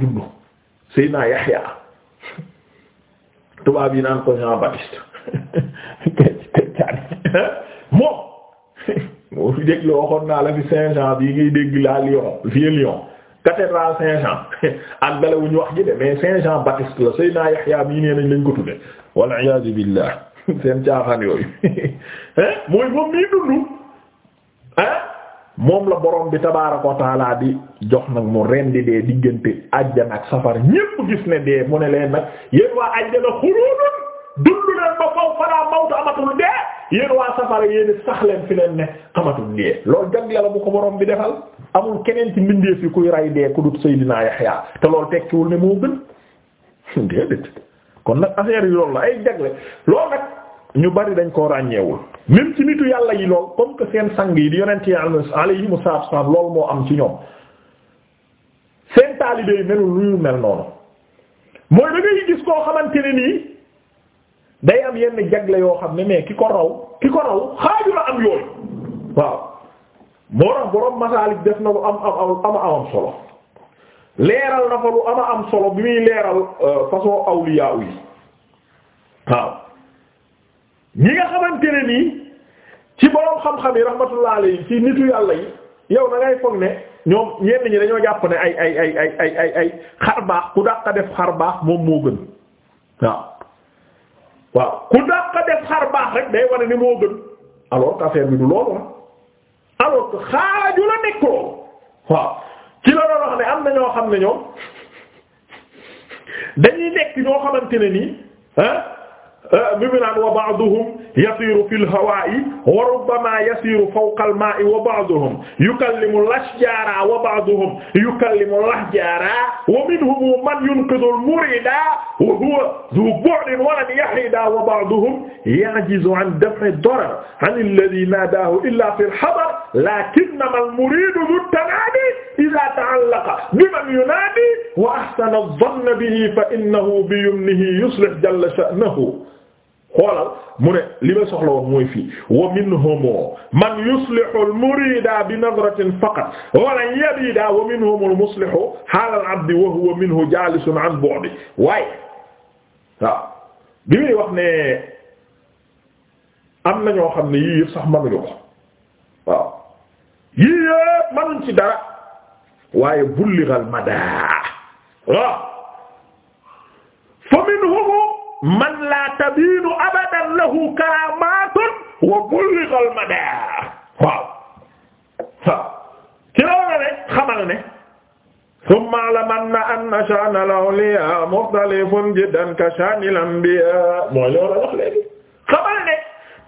juddu Seydina Yahya tubaab yi naan ko Jean Baptiste moom moo fi dégg la waxoon naa la fi Saint-Jean bii ngay dégg la Lyon vieux Lyon cathédrale Saint-Jean ak bala wu ñu wax ji de mais Saint-Jean Baptiste la Seydina Yahya mii nee nañ lañ ko tudde wal iyaadu billah seen caaxaan yooyu mooy moom mii dundu ah moom la borom bi tabaaraka wa taala di jox nag mu rendi dee diggante àjjana ak safar ñépp gis ne dee mu ne leen nag yéen waa àjjana xuluudun dundu leen ba faw falaa mawtu amatul dee yéen waa safara yéen sax leen fi leen ne amatul dee loolu jagleel la bu ko borom bi defal amul keneen ci mbindeef yi kuy ray dee ku dut Seydina Yaxya te loolu tekkiwul ne moo gën déedéet kon nag affaire yi la ay jagle loolu nag. ñu bari dañ koo ràññeewul même ci nitu yàlla yi lool comme que seen sang yi di yonent yi alayhimu salaam lool moo am ci ñoom seen taalibe mel noonu mooy day am yenn jagle yoo xam ne mais ki ko raw ki ko raw xaaju la am am am ama solo leeral na fa lu ama am solo bi muy leeral euh, façon awliya yi waaw. ñi nga xamante ne nii ci borom xam-xam yi rahmatullah alayhi ci nitu yàlla yi yow da ngay foog ne ñoom ñenn ñi dañoo jàpp ne ay ay ay ay ay ay ay xar baax ku dàq def xar baax moom moo gën waaw waaw ku dàq def xar baax rek day wane ni moo gën alors que affaire du loolu la alors que xaaju la nekk loolu waaw ci la doon ne am na ñoo xam ne ñoom dañuy nekk ñoo xamante ne nii ah. mi ah, ngi naan wa ba'duhum yasiiru fil hawaa'i wa rubbamaa yasiiru fawqal maa'i wa ba'duhum yukallimu al-ashjaara wa ba'duhum yukallimu al-ahjaara wa minhum man yunqidu al-muriida wa huwa dhuu bu'din wa lam yahiida wa ba'duhum ya'jizu 'an daf'i ad-darar 'an alladhii naadaahu illaa fil hadar laakinnamaa al-muriidu dhut-tanaadii idhaa ta'allaqa biman yunaadii wa ahsana adh-dhanna bihi fa innahu biyumnihi yuslih jalla sha'nahu xoolal mu ne li ma soxla woon mooy fii wa minhum man yuslihu al murida bi nadratin faqat wala yabida wa minhum al muslihu haal al abdi wa huwa minhu jalisun an bu'di waaye waaw bi muy wax ne am na ñoo xam ne yii yëpp sax mënuñu ko waaw yii yëpp mënuñ ci dara waaye bulligal madaa waaw fa minhum man la tabinu abadan lahu karamatun wa bulligha al mada waaw waaw ci loolu rek xamal ne thumma lamanna anna sha'na al awliya mukhtalifun jiddan ka sha'nil anbiya mooy loolu wax léegi xamal ne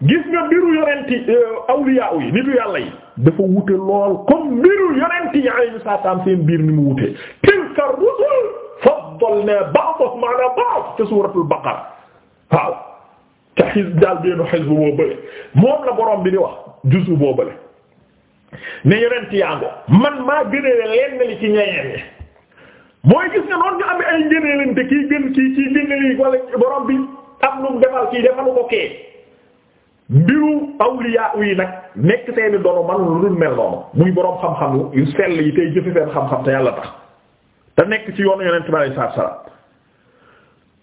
gis nga mbiru yonenti euh, awliya yi nitu yàlla yi dafa wute lool comme mbiru yonenti yi alayhi salaam seen biir ni mu wute tilka faddalnaa ba'dahum 'alaa ba'd ca suuratul baqara waaw ca xis daal benn xis bu boobule moom la borom bi di wax juzu boobule ne yonent yaango man maa gënale lenn li ci ñeneen ñi mooy gis nga noonu nga am ay ngëneelante kii gën kii kii gënali wala borom bi am lu mu defal kii defalu ko kee mbiru awliya yi nag nekk seeni dono man lu dul mel noonu muy borom xam-xam yu sell yi tey jëfe seen xam-xam te yàlla tax te nekk ci yoonu yonent bi alayhi salaam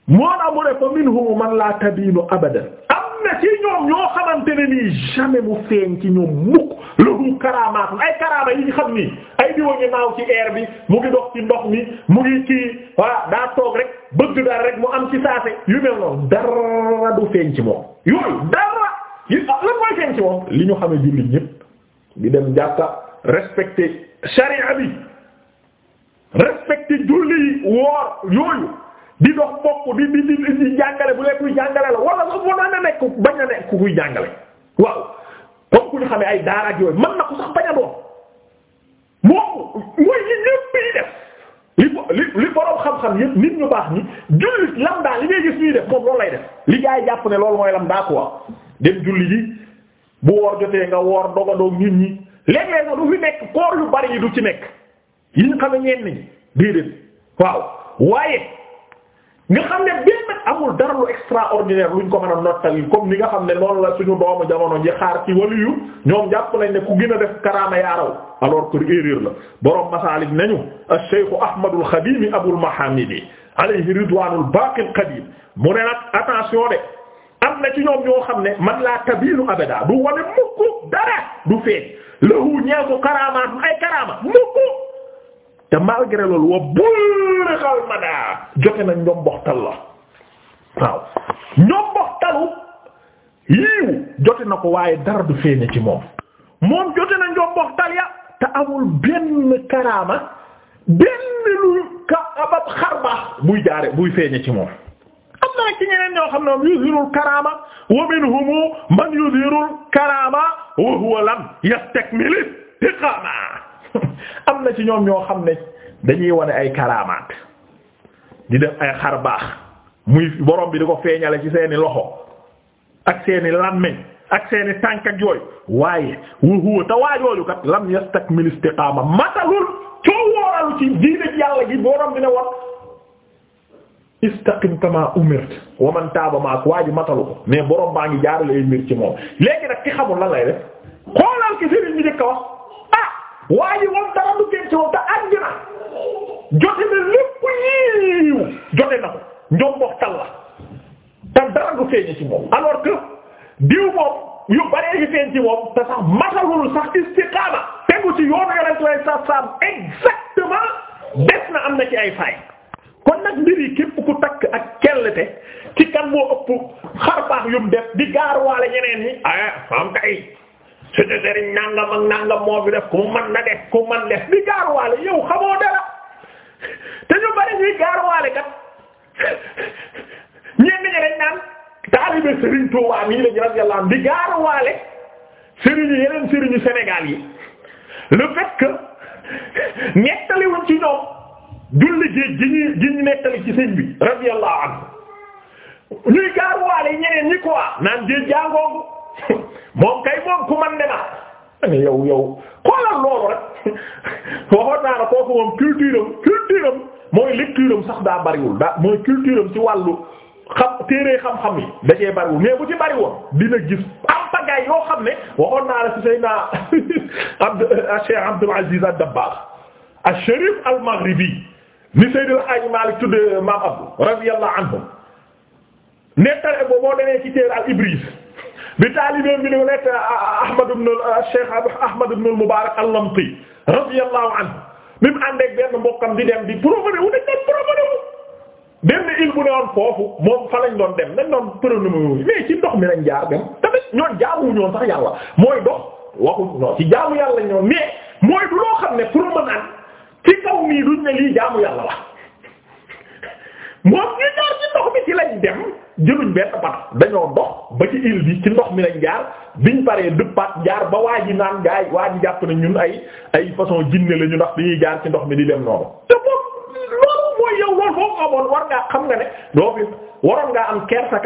moo tax mu ne fa minhum man la tabinu abadan am na ci ñoom ñoo xamante ne nii jamais mu feeñ ci ñoom mukk lahu karaamaatun ay karaama yi ñu xam nii ay diwa naaw ci air bi mu ngi dox ci ndox mi mu ngi kii waa daa toog rek bëgg daal rek mu am ci saase yu mel noonu dara du feeñ ci moom yooyu dara yi ah, lan mooy feeñ ci moom li ñu xamee jullit ñépp di dem jàkka respecté sharia bi respecté julli woor yooyu di dox bokk di di di di jàngale bu dee kuy jàngale la wala sax mën na nekk bañ a nekk kuy jàngale waaw comme ku ñu xamee ay daara ak yooyu mën na ko sax bañ a doon moom mooy ñi ñëpp yi def li li li borom xam-xam yëpp nit ñu baax ñi julli lambda li ngay gis ñuy def moom loolu lay def li gaa jàpp ne lool mooy lambda quoi dem julli ji bu woor jotee nga woor dogadoog nit ñi léeg-léeg nag du fi nekk koor yu bari yi du ci nekk yi ñu déedéet waaw waaye nga xam ne benn amul dara lu extraordinaire luñ ko mën a nottali comme ni nga xam ne noonu la suñu doomu jamono ji xaar ci wàllu yu ñoom jàpp nañ ne ku gën a def karaama yaaraw alors que erreur la borom masaalik nañu as-Shaykh Ahmadul Xadiim Abul Mahaamidi alayhi ridwaanul baaqil qadiim mu ne nag attention de am na ci ñoom ñoo xam ne man laa tabilu abada du wane mukk dara du feeñ lahu ñeeku karaamaat ay te malgré loolu wa bulrixal mada jote na ñoom la waaw ñoom yiiw jote na ko waaye dara du feeñe ci moom moom jote na ñoom ya te amul benn karaama benn lu ka abab xarbaax buy jaare buy feeñe ci moom am na ci ñeneen ñoo xam ne moom yuzhirul karama wa minhum man yuzhirul karama wa huwa lam yastakmil istiqama am na ci ñoom ñoo xam ne dañuy wane ay karaamaat di def ay xar baax muy borom bi di ko feeñale ci seeni loxo ak seeni làmmiñ ak seeni tànk ak yooyu waaye wu huwa te waajooju kat lam yastakmil istiqaama matalul coo wooral ci diine yàlla gi borom bi ne war istaqim kama umirt wa man taaba maak waa ji matalu ko mais borom baa ngi jaarale ay mbir ci moom léegi nag ki xamul lan lay def xoolal ki sëriñ bi njëkk wax waaye ji moom dara du génn ci moom te àgg na na lépp yiiw jote na ko ñoom waxtaan la te dara du feeñ ci moom alors que diw moom yu baree yu feeñ ci moom te sax matalul sax istiqaama tegu ci yoonu yore lay sa saam exactement des na am na ci ay faay kon nag mbir yi képp ku takk ak kellete ci kan moo ëpp xar baax yum def di gaar waale ñeneen ñi ah am kay suñu sëriñ nangam ak nangam moo fi def ku man na def ku man def di gaaruwaale yow xamoo dara te ñu bari ñuy gaaruwaale kat ñenn ñi dañ naan taalibe Serigne Touba mii lañu radiyallahu anhu di gaaruwaale Serigne yeneen Serigne Sénégal yi le fait que ci ñoom julli géej gi gi ñu nettali ci sëñ bi radiyallahu anhu ñuy gaaruwaale ñeneen ñi quoi naan géej jàngoogu moom kay moom ku man ne ma yow yow xoolal loolu rek waxoon naa la kooku moom culture am culture am sax daa bariwul daa mooy culture am ci wàllu xam téere xam-xam yi bariwul mais bu ci bariwoon dina gis am pagaay yoo xam ne waxoon naa la ci Seydina Abd euh, Cheikh Abdul Aziz ad-Dabbagh ash-Sharif al-Maghribi ni Seydil Hajj Malik tudd Maam Abdou radiyallahu anhum nettale boo boo demee ci téere al-Ibriz bi taalibeem bi ni nekk ah, ah, ah, Ahmad ibn Cheikh Ahmad ibn al-Mubarak al-Lamti radiyallahu anhu bi mu ànd ak benn mbokkam di dem di promené wu dañ doon promené wu. benn île bu ne woon foofu moom fa lañ doon dem dañ doon promené wu mais ci ndox mi lañ jaar dem tamit ñoon jaamu ñoon sax yàlla mooy dox waxu non ci jaamu yàlla ñoon mais mooy du loo xam ne promenade ci kaw nii duñ ne lii jaamu yàlla la jëluñ benn pat dañoo dox ba ci île bi ci ndox mi lañ jaar biñ paree dëppaat jaar ba waa ji naan gaay waa ji jàpp na ñun ay ay façon jinne la ñu ndax dañuy jaar ci ndox mi di dem noonu te foofu loolu mooy yow loolu foofu amoon war ngaa xam nga ne doo fi waroon ngaa am kersa wax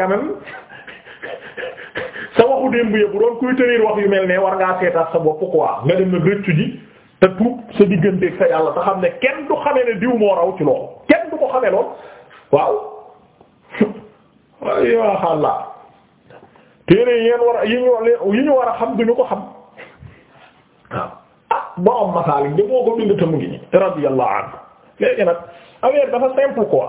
war ngaa nga dem na rëccu ji te tuub sa digganteeg sa yàlla te xam ne kenn du xamee ne diw moo raw ci loolu kenn du ko xamee lool waaw waaye yow xaaral téere yi ngeen war yi ñu war a xam du ñu ko xam waaw ah borom masaal yi boo ko bind te mu ngi nii radiyallahu anhu léegi nag affaire dafa ko quoi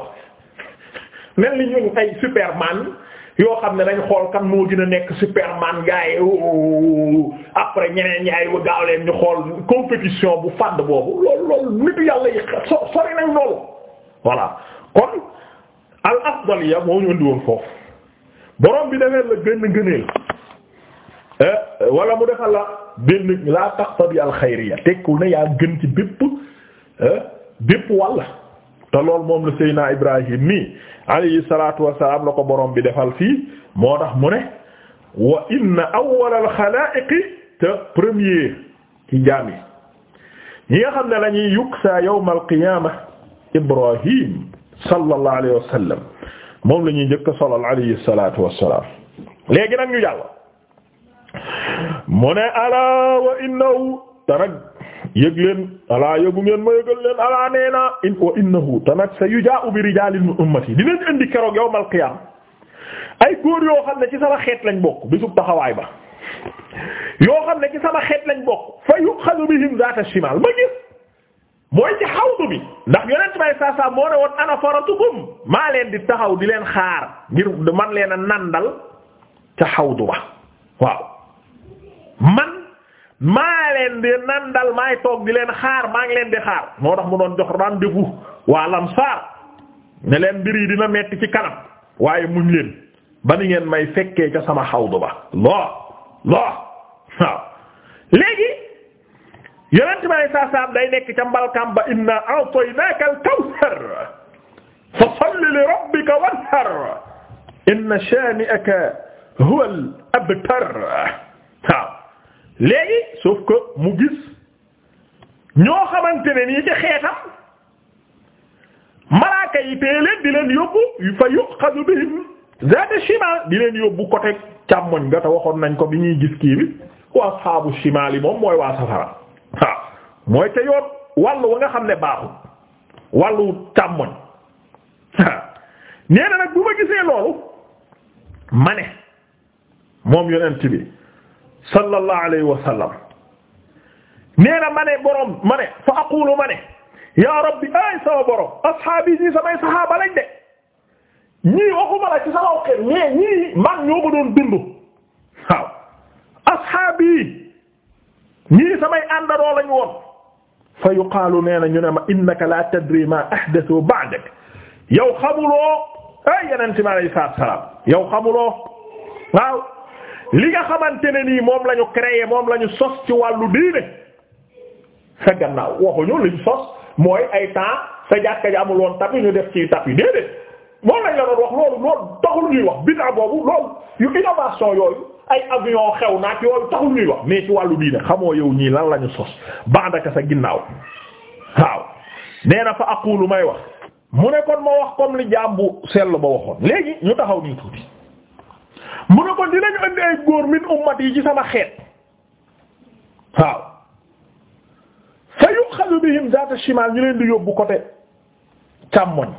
mel ni ñun ay superman yoo xam ne dañ xool kan moo gën a nekk superman gars yi oh, oh, oh, après ñeneen ñaay gaaw leen ñu xool compétition bu fàdd boobu loolu loolu nitu yàlla yi sori nañ loolu voilà kon. al afdaliya moo ñu andi foofu borom bi defee la benn ngëneel eh, wala mu defal la benn laa taqtadi al xayriya tekkul ne yaa gën ci bépp eh, bépp walla te lool moom la Seydina Ibrahim nii alayhi salaatu wassalaam la ko borom bi defal fii moo tax mu ne wa inna awwal al te premier ci jaam yi ñi nga xam ne lañuy yuksa yawm al qiyaama Ibrahim sallallahu alayhi wa sallam moom la ñuy njëkk solal alayhi salaatu wassalaam léegi nag ñu jàll mu ne alaa wa innahu te nag yëg leen alaa yëgu ngeen ma yëgal leen alaa nee naa in wa innahu te nag sa yujaa'u bi rijaalin min ummati dinañ indi keroog yawmal qiyaam ay góor yoo xam ne ci sama xeet lañ bokk bisub taxawaay ba yoo xam ne ci sama xeet lañ bokk fa yuxadu bihim zaata shimaal ma gis mooy ci xawdu bi ndax yonent bay saa saa moo ne woon ana faratukum maa leen di taxaw di leen xaar ngir man leen a nandal ca xawdu ba waaw man maa leen di nandal maay toog di leen xaar maa ngi leen di xaar moo tax mu doon jox rendez waa lamsaar ne leen mbir yi dina metti ci kanam waaye muñ leen ba ni ngeen may fekkee ca sama xawdu ba loo loo waaw léegi yonent bi saa saam day nekk ca mbalkam ba inna a'taynaka al-kawthar fa salli li rabbika wanhar inna shani'aka huwa al-abtar waaw léegi sauf mu gis ñoo xamante ne nii ci xeetam malaaka yi tee leen di leen yóbbu fa yu'khadhu bihim zaata shimal di leen yóbbu côté càmmoñ nga te waxoon nañ ko bi ñuy gis kii bi waa ashaabu yi moom mooy waa safara mooy ca yoon wa nga xam ne baaxul wàllu càmmoñ nee na nag bu ma gisee loolu ma ne moom yonent bi sallallahu alayhi wa sallam nee na ma ne boroom ma ne fa aqulu ma ne ya rabbi ay sama borom asxaabi ñii samay saxaaba lañ de ñii waxuma la ci sama xel ñii man ñoo ko doon dund waaw asxaabi ñii samay àndaroo lañ woon fa yuqaalu nee na ñu ne ma innaka la tadri ma ahdathu ba'dak yow xamuloo ay yeneen ma lay saa salaam yow xamuloo waaw li nga xamante ne nii moom lañu ñu moom lañu ñu sos ci wàllu diine sa gannaaw waxuñu liñ sos mooy ay temps sa jàkka ji amul woon tapi ñu def ci tapi déedéet moom lañ la doon wax loolu loolu taxul bid'a boobu loolu yu innovation yooyu. ay avion xew naa yooyu taxul ñuy wax ci wàllu diine xamoo yow ñii lan lañu ñu sos baandaka sa ginnaaw waaw nee na fa aqulu may wax mu ne kon ma wax comme li jàmbu sell ba waxoon léegi ñu taxaw nii tuuti mu ne kon dinañu indi ay góor min ummat yi ci sama xeet waaw fa bi bihim zaata shimal ñu leen di yóbbu côté càmmoñ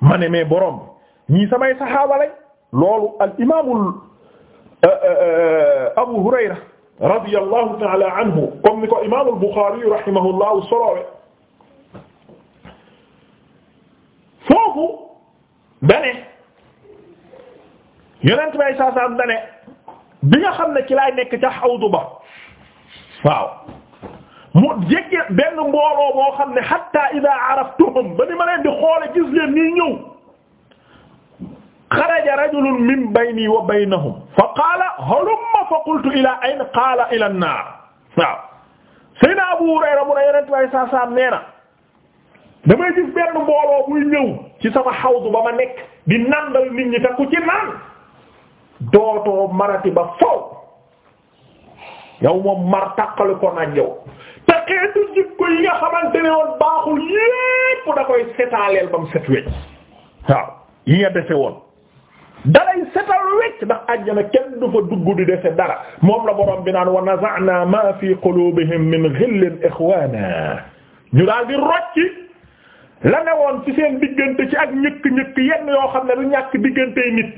ma ne mais borom ñii samay saxaaba loolu al imaamul Euh, euh, euh, Abu Hurayra radiyallahu ta'ala anhu comme ni ko imaam al-Bukhari rahimahullahu solowe foofu dane yonent bay saasaam dane bi nga xam ne ci laay nekk ca xawdu ba waaw mu jege benn mbooloo boo xam ne hatta idha araftuhum ba ni ma leen di xoole gis leen nii ñëw xaraja rajulun min bayni wa baynahum fa qaala halumma fa qultu ila ayna qaala ila naar waaw Seydina Abu Hurayra mu ne yonent bi saa saa nee na damay gis benn mbooloo buy ñëw ci sama xawdu ba ma nekk di nandal nit ñi te ku ci naan dootoo marati ba faw yow moom mar tàqalu ko nag yow te xeetu jikko yi nga xamante ne woon da koy setaaleel ba mu set wecc waaw yi nga dese woon setal wecc ndax àjjana kenn du fa dugg di defe dara moom la borom bi naan wa naza'na ma fi qulubihim min ghillin ikhwana ñu daal di rocci la ne woon ci seen diggante ci ak ñëkk-ñëkk yenn yoo xam ne lu ñàkk diggantey nit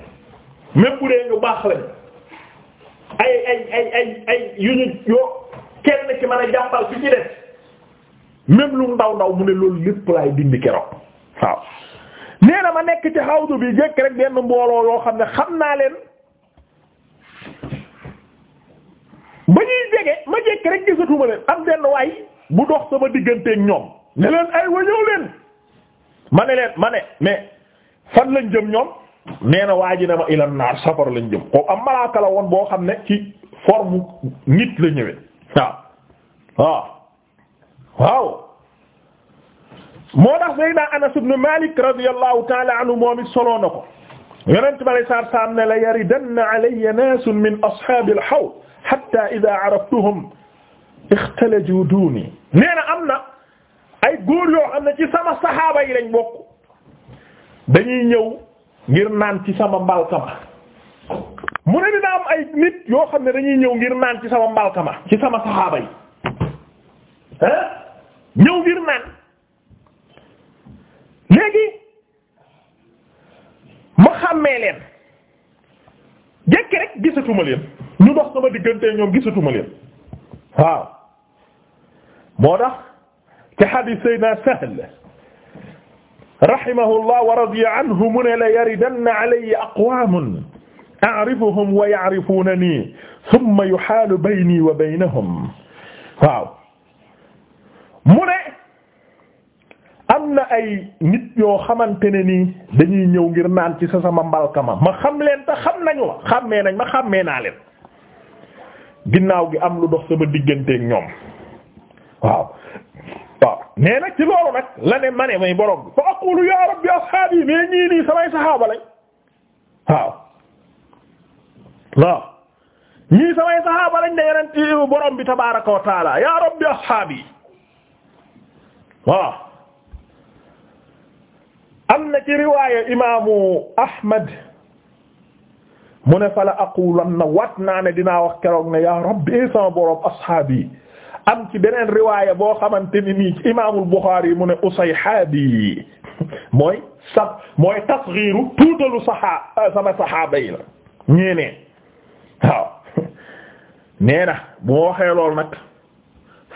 même bu dee ñu baax lañ ay ay ay ay ay yu ñu yoo kenn ci mën a jàppal ci def même lu ndaw ndaw mu ne loolu lépp laay dindi keroog waaw nee na ma nekk ci xawdu bi jëkk rek benn mbooloo yoo xam ne xam naa leen ba ñuy jege ma jëkk rek gisatuma leen am benn waay bu dox sama digganteek ñoom ne leen ay wa ñëw leen ma ne leen ma ne mais fan lañ jëm ñoom nee na waa ji ne ma ilan naar safara lañ jëm ko am malaaka woon boo xam ne ci forme nit la ñëwee waaw waaw waaw moo tax Seydina Anas ibn Malik radiyallahu ta'ala anhu moom it soloo na ko yonent bi saa saam la yaridanna alayya naasun min ashaabil hawl hatta idha araftuhum ixtalaju duuni nee na am na ay góor yoo xam ne ci sama saxaaba yi lañ bokk dañuy ñëw ngir naan ci sama mbalkama mu ne dina am ay nit yoo xam ne dañuy ñëw ngir naan ci sama mbalkama ci sama saxaaba yi ah ñëw léegi ma xàmmee leen jekki rek gisatuma leen ñu dox sama diggante ñoom gisatuma leen waaw moo tax ci hadith sayyidina Sahl rahimahullah wa radiya anhu mu ne la yaridanna alayya aqwamun a'rifuhum wa ya'rifunani thumma yuhalu bayni wa baynahum waaw mu ne am na ay nit ñoo xamante ne nii dañuy ñëw ngir naan ci sa sama mbalkama ma xam leen te xam nañu ma xàmmee nañ ma xàmmee naa leen ginnaaw gi am lu dox sama digganteeg ñoom waaw waaw mais nag ci loolu nag la ne ma ne may borom bi fa aqulu ya rabbi ashaabi yi mais ñii nii samay saxaaba lañ waaw ñii samay saxaaba lañ ne yeneen bi tabaaraka wa taala ya rabbi ashaabi yi waaw am na ci riwaaya imaamu Ahmad mu ne fala aqulanna wat naa ne dinaa wax keroog ne yaa rabbi eh, sama borom ashaabi am ci beneen riwaaya boo xamante ni nii ci imaamul Buxaari mu ne usayhaabi mooy sax mooy tasgiiru tuutalu saxaa eh, sama saxaaba yi la ñeenee waaw nee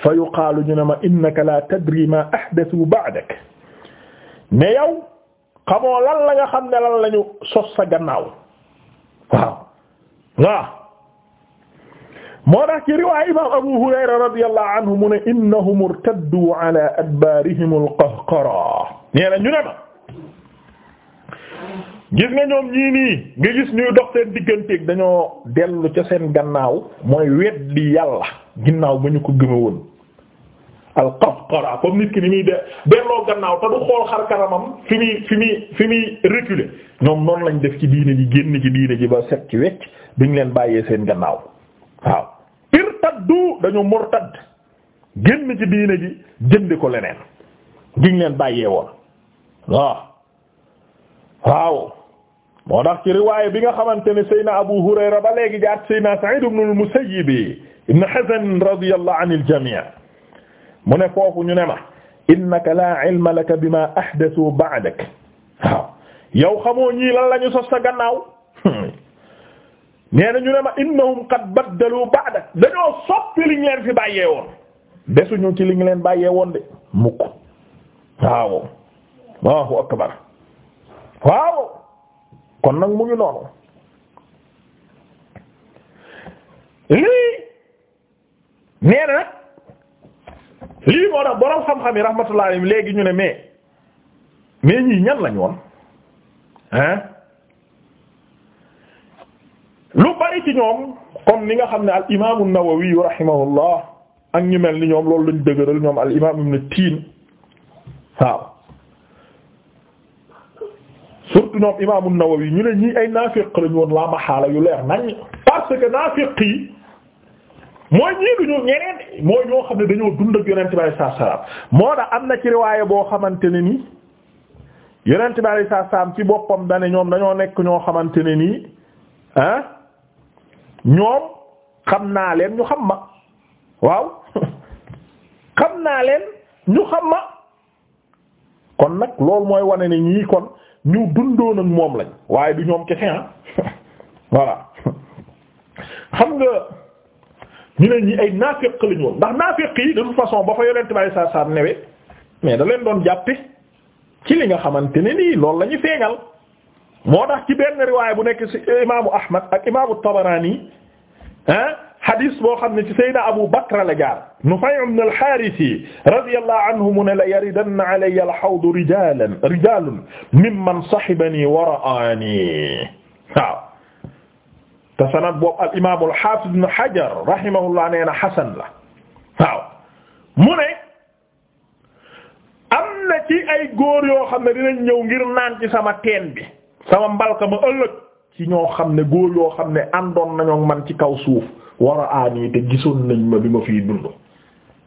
fa yuqaalu ñu ne la tadri ma ahdathu ba'dak mais yow xamoo lan la nga xam ne lan lañu sos sa gannaaw waaw waaw moo tax ci riwaay imam Abu Hurayra radiyallahu anhu mu ne innahum irtaddu ala adbarihim alqahqara nee na ñu ne ma gis nga ñoom ñii nii nga gis ñuy dox seen digganteeg dañoo dellu ca seen gannaaw mooy weddi yàlla ginnaaw ba ñu ko gëma woon alqafqara comme nit ki ni muy de delloo gannaaw te du xool xar kanamam fi muy fi muy fi muy reculer ñoom noonu lañ def ci diine ji génn ci diine ji ba set ci wecc duñ leen bàyyee seen gannaaw waaw irtaddu dañu murtad génn ci diine ji jënd ko leneen duñ leen bàyyee woon waaw waaw moo tax ci riwaaya bi nga xamante ne Seydina Abu Hurayra ba léegi jaat Seydina Sa'id ibn al-Musayyib ibn Hazn radiyallahu anil jami' mu ne foofu ñu ne ma innaka laa ilma laka bima ahdathu ba'dak waaw yow xamoo ñii lan la ñu sos sa gannaaw nee ñu ne ma innahum qad baddalu ba'dak dañoo soppi li leen fi bàyyee woon desuñu ci li leen bàyyee woon de mukk waaw Allahu akbar waaw kon nag mu ngi noonu lii nee lii moo tax borom xam-xam yi rahmatullah léegi ñu ne mais mais ñii ñan lañ woon lu bari ci ñoom comme ni nga xam ne al imaam an-Nawawi rahimahullah ak ñu mel ni ñoom loolu lañ dëgëral ñoom al imaam ibn Tiin waaw surtout ñoom imaam an-Nawawi ñu ne ñii ay naafiq lañ woon la maxaala yu leer nañ parce que mooy ñii duñu ñeneen mooy ñoo xam ne dañoo dund ak yonent bi sallallahu alayhi wasallam moo tax am na ci riwaaye boo xamante ne nii yonent bi sallallahu ci boppam dane ñoom dañoo nekk ñoo xamante ne nii ah ñoom xam naa leen ñu xam ma waaw xam naa leen ñu xam kon nag loolu mooy wane ne ñii kon ñu dundoon ak moom lañ waaye du ñoom kese ah voilà xam nga. ñu ne ñi ay naafeq lañu woon ndax naafeq yi de toute façon ba fa yonent bi saa saa newee mais da leen doon jàppe ci li nga xamante ne nii loolu la ñu feeñal moo tax ci benn riwaay bu nekk ci imaamu Ahmad ak imaamu Tabarani ah hadis boo xam ne ci Seydina Abu Bakr la jaar Nufay' ibn al-Harith radiyallahu anhu mu ne la yaridanna alayya al-hawd rijalan rijalun mimman sahibani wa ra'ani waaw te sanad boobu al imaam al haafiz ibn Hajar rahimahullah nee na hasan la waaw mu ne am na ci ay góor yoo xam ne dinañ ñëw ngir naan ci sama teen bi sama mbalka ma ëllëg ci ñoo xam ne góor yoo xam ne àndoon nañoo man ci kaw suuf war a aani te gisoon nañ ma bi ma fiy dund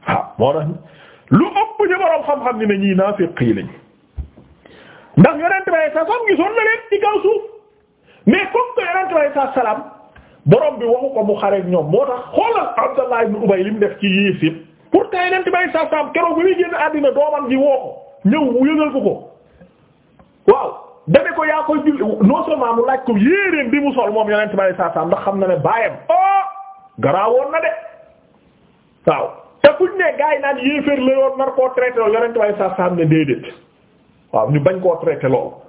waaw moo tax lu ëpp ñu boroom xam-xam ni ne ñii naafiq yi lañ ndax yonent bi sallallahu alayhi wasallam gisoon na leen ci kaw suuf mais comme que yonent bi sallallahu alayhi wasallam borom bi waxu ko mu xareek ñoom moo tax xoolal Abdallah ibn Ubay li mu def ci yées yëpp pourtant yeneen ti bay sa keroog bi muy génn àddina doomam ji woo ko ñëw yëgal ko ko waaw dane ko yaa koy julli non seulement mu laaj ko yéeréen bi mu sol moom yeneen ti bay sa ndax xam na ne baayam oh garaawoon na de waaw te fuñ ne gaa naan yéeféer la yoon nar koo traité loolu yeneen ti bay sa sam ne déedéet waaw ñu bañ koo traité loolu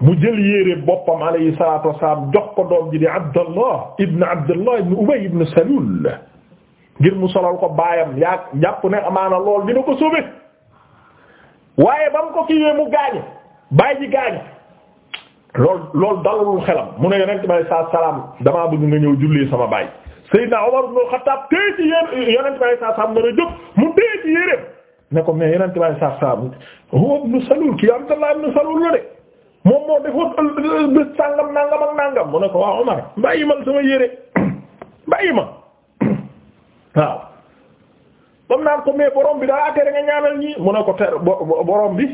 mu jël yére boppam alayhi salaatu wasalaam jox ko doom ji di Abdallah ibn Abdallah ibn Ubay ibn Salul ngir mu solal ko baayam yaa jàpp ne amaana lool dina ko sauver waaye ba ki ko kiiwee mu ji gaañu lool lool dalul xelam mu ne yonent bi alayhi salaatu wasalaam damaa bëgg nga ñëw jullee sama baay Seydina Umar ibn Xattaab téye ci yére yonent bi alayhi salaatu ne ko mais yonent bi alayhi salaatu wasalaam huwa ibn Salul kii Abdallah ibn Salul la moom moo defoon bés sàngam nangam ak nangam mu ne ko waaw Omar bàyyi ma sama yére bàyyi ma waaw bam naan ko mais borom bi daa tere nga ñaanal ñi mu ne ko tere borom bi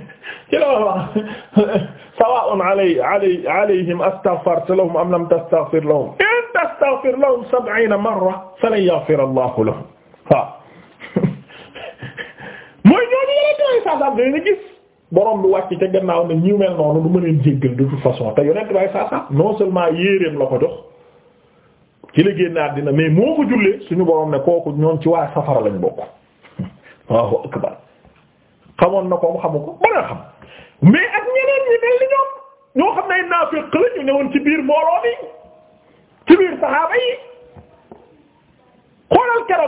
ci loolu wax sawa'un alay alay alayhim astaghfarta lahum am lam tastaghfir lahum in tastaghfir lahum sab'ina marra falan yaghfir Allahu lahum waaw mooy ñooñu yële tooy saa saa gis. boroom bi wàcc ca gannaaw ne ñu mel noonu du ma leen jéggal de toute façon te yonent bay saa non seulement yéeréem la ko jox ci la génn àddina mais moo ko jullee suñu borom ne kooku ñoom ci waa safara lañ bokk waaw akbar xamoon na ko xamu ko mën ak ñeneen ñi mel ni ñoom ñoo xam ne naafiq la ñu newoon ci biir mbooloo bi ci biir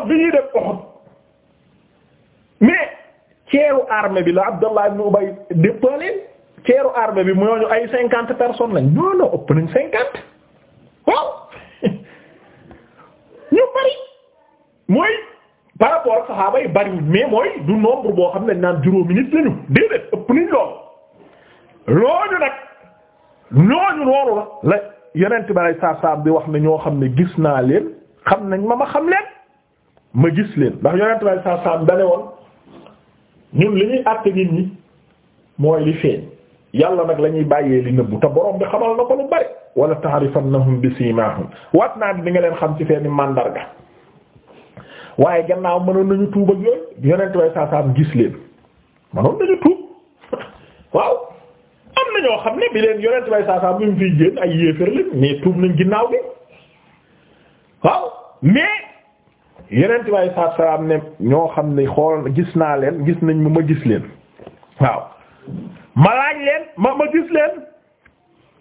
bi ñuy def Uhud mais. ceeru armée bi la Abdallah ibn Ubay déppaleen ceeru armée bi moo ñu ay cinquante person lañ non ëpp nañ cinquante waaw ñu bari mooy xam ne naan juróomi nit lañu ñooñu loolu la la yeneen tubaab saab saab bi wax na ñoo xam ne gis naa leen xam nañ ma ma xam leen ma gis leen ndax yeneen tubaab saab saab dane ñun li ñuy àtte nit ñi mooy li feeñ yàlla nag lañuy ñuy bàyyee li nëbbu te borom bi xamal na ko lu bari na ta'rifannahum bi simahum waat naa di nga leen xam ci seeni màndarga waaye gannaaw mënoon nañu tuub ak yooyu yonent way am gis leen mënoon nañu tuub waaw am na ñoo xam ne bi leen yonent way saasaam bi mu fiy génn ay yéeféer leen mais tuub nañ ginnaaw bi waaw mais yeneen tubaab yi saa salaam ne ñoo xam ne xool gis naa leen gis nañ mu ma gis leen waaw ma laaj leen ma ma gis leen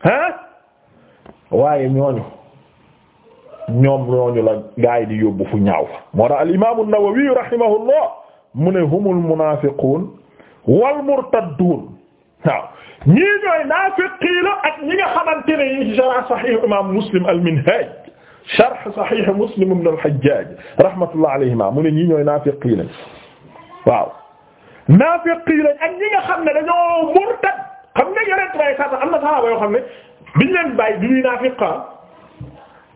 ah waaye ñooñu ñoom ñooñu la gaa di yóbbu fu ñaaw moo tax al imaamu Nawawi mu ne humul munaafiquun wal murtadduun waaw ñii ñooy naafiqi ak ñi nga xamante ne yi ci imaam Muslim al-Minhaaj sharh sahih Muslim ibn al-Hajjaj rahmatullah alayhima mu ne ñii ñooy naafiqi lañ waaw naafiqi lañ ak ñi nga xam ne dañoo murtad xam nga yeneen waaye sax am na saxaaba yoo xam ne biñ leen bàyyi bi ñuy naafiqa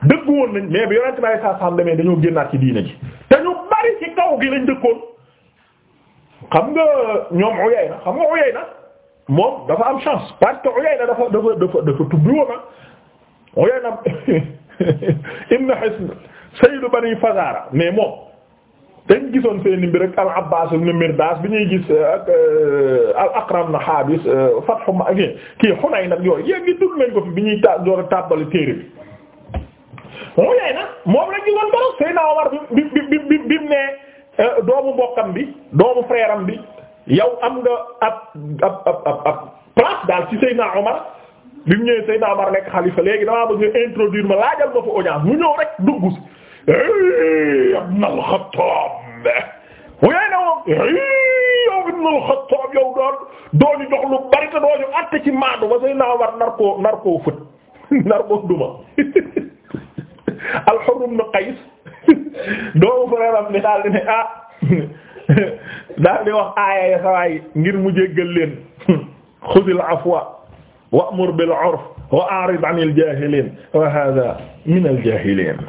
dëggu woon nañ mais bi yonent bi saa saam demee dañoo génnaat ci diina ji te ñu bari ci kaw gi lañ dëkkoon xam nga ñoom Uyayna xam nga Uyayna moom dafa am chance parce que Uyayna dafa dafa dafa dafa tubbi woon na Uyayna ibn Hisn sayyidu bani Fazara mais moom dañ gisoon seeni mbir rek al-Abbaas ibn Mirdaas bi ñuy gis euh, ak euh, al-Aqra' ibn Haabis euh, Fathu Makka kii Hunayn nag yooyu yéen ngi dund nañ ko fi bi ñuy ta door a tàbbali téere bi. mu yaay na moom lañ gisoon borom Seydina Omar bi bi bi bi bi mu nee doomu mbokkam bi doomu frère am bi yow am nga ab ab ab ab place daal ci Seydina Omar. bi mu ñëwee Seydina Omar nekk xalifa léegi damaa bëgg introduire ma laajal ma fa audience mu ñëw rek dugg si ibn al-Khattab bu yee ne moom yow ibn al-Khattab yow doon dooni jox lu bari doo ñu àtte ci maandu ba Seydina Omar nar koo nar koo ah, ngir mu jéggal leen xudil afwa wa'mur bil 'urf wa a'rid 'anil jaahiliin wa haadha minal jaahiliin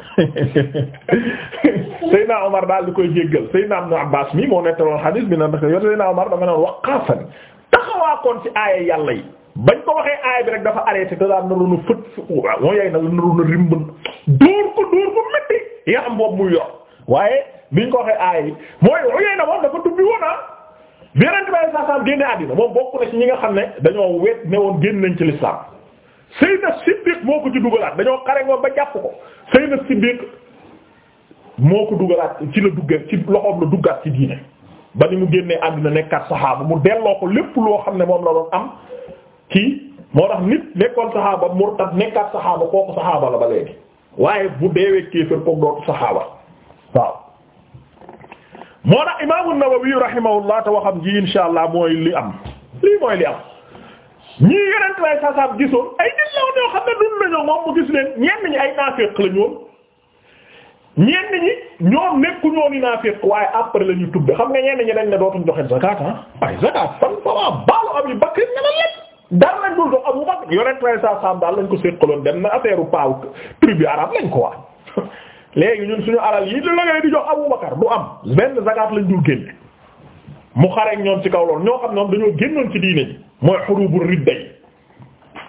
Seydina Omar daal di koy jéggal Seydina Ibn Abbaas mi moo nettaloon xadiis bi naan dafa yor Seydina Omar dafa naan waqaafan taxawaakoon ci aaya yàlla yi bañ ko waxee aaya bi rek dafa arrêté te daan naroon a fët waaw moo yay nag naroon a rimbal dóor ko dóor ko métti yaram boobu muy yor waaye biñ ko waxee aaya yi mooy yooyu na moom dafa salam génne àddina moom bokk na ci ñi nga xam ne dañoo wet ne woon génn nañ ci l'islam Seydina Siddiq moo ko ci dugalaat dañoo xare moom ba jàpp ko Seydina Siddiq moo ko dugalaat ci la dugge ci loxoom la duggaat ci diine ba ni mu génnee àddina nekkaat saxaaba mu delloo ko lépp loo xam ne moom la doon am ci moo tax nit nekkoon saxaaba murtad nekkaat saxaaba kooku saxaaba la ba léegi waaye bu deewee kéefër kooku dootu saxaaba waaw moo tax imaamu Nawawi rahimahullah te waxam ji insha allah mooy li am lii mooy li am ñii yenent lay saasab gisoon ay nit la xam ne dund nañoo moom mu gis leen ñenn ñi ay naafeq la ñoom ñenn ñi ñoom nekku ñoo ni naafeq waaye après la ñu tubbe xam nga ñenn ñi dañ ne dootuñ joxe zakat ah ay zakat fan fama baalu Abi Bakr ne na lépp dara lañ dul dox Abu Bakr yonent lay saasab daal lañ ko séqaloon dem na affaire paaw tribu arabe lañ ko wax léegi ñun suñu alal yi la ngay di jox Abu Bakar du am benn zakat lañ dul génne mu xareek ñoom ci kaw loolu ñoo xam ñoom dañoo génnoon ci diine ji mooy xurubu ridda yi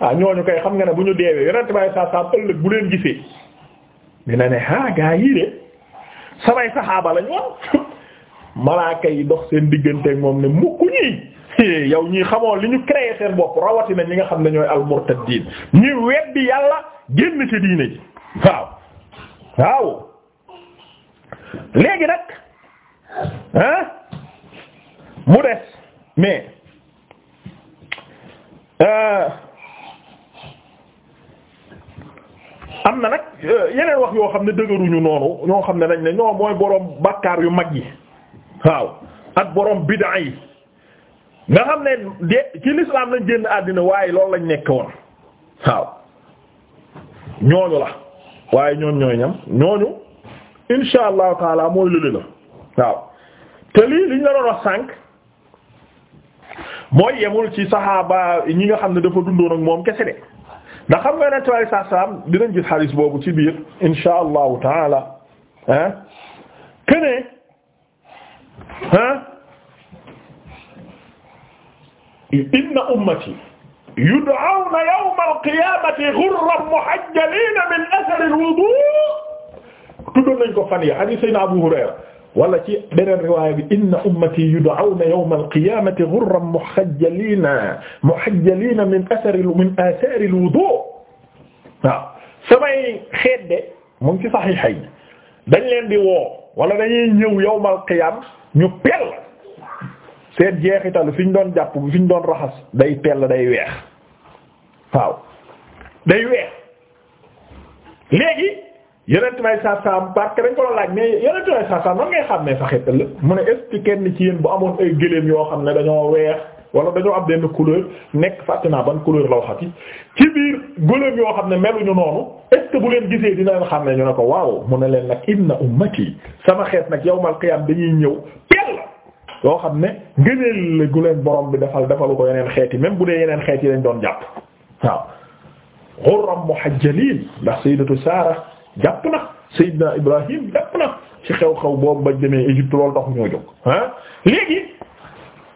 ah ñooñu kay xam nga ne bu ñu deewee yonent baay saa saa ëllëg bu leen gisee dina ne ah gaa yii de samay saxaaba lañ woon malaaka yi dox seen digganteeg moom ne mukk ñii yow ñii xamoo li ñu créé seen bopp rawatina ñi nga xam ne ñooy al murtaddiin ñi bi yàlla génn ci diine ji waaw léegi nag ah mu des mais euh, am na nag euh, yeneen wax yoo xam ne dëgëruñu noonu ñoo xam ne nañ ne ñoo mooy boroom bakkaar yu mag yi waaw ak boroom bid'a yi nga xam ne de ci lislaam lañ génn àddina waaye loolu lañ nekk woon waaw ñooñu la waaye ñoom ñooy ñam ñooñu insha allahu taala mooy lële la waaw te lii liñ la doon wax sànq mooy yemul ci saxaaba ñi nga xam ne dafa dundoon moom kese de ndax ne tubaab yi saa saa am dinañ gis xadiis boobu ci biir insha allahu taala ah que ne inna ummati yud'awna yawma al-qiyaamati ghurran muhajjaliina min athari al-wuduu' tuddoon nañ ko fan yi hadiis Seydina Abu Hurayra wala ci beneen riwaaya bi inna ummati yud'awna yawma al-qiyaamati ghurran muhajjaliina muhajjaliina min athari min athari al-wuduu' waaw samay xeet de mu ngi ci saxiix yi dañ leen di woo wala dañuy ñëw yawmal qiyaam ñu pel seen jeexital fi ñu doon jàpp bi fi ñu doon raxas day tell day weex waaw day weex léegi yonent may saasaam parce que dañ ko doon laaj mais yonent may saasaam nan ngay xam ne sa xetal mu ne est kenn ci yéen bu amoon ay gëléem yoo xam ne dañoo weex wala dañoo am benn couleur nekk fàtte naa ban couleur la waxati ci biir gëléem yoo xam ne meluñu noonu est-ce bu leen gisee dina leen xam ne ñu ne ko waaw mu ne leen nag inna ummati sama xeet nag yawmal qiyaam dañuy ñëw yoo xam ne ngëneel la gu leen borom bi defal defalu ko yeneen xeet yi même bu dee yeneen xeet yi lañ doon jàpp waaw xurram muhajjalin ndax sayyidatu Saara jàpp na sayyidna Ibrahim jàpp na ci xew-xew boobu bañ demee Égypte loolu tax ñoo jóg ah léegi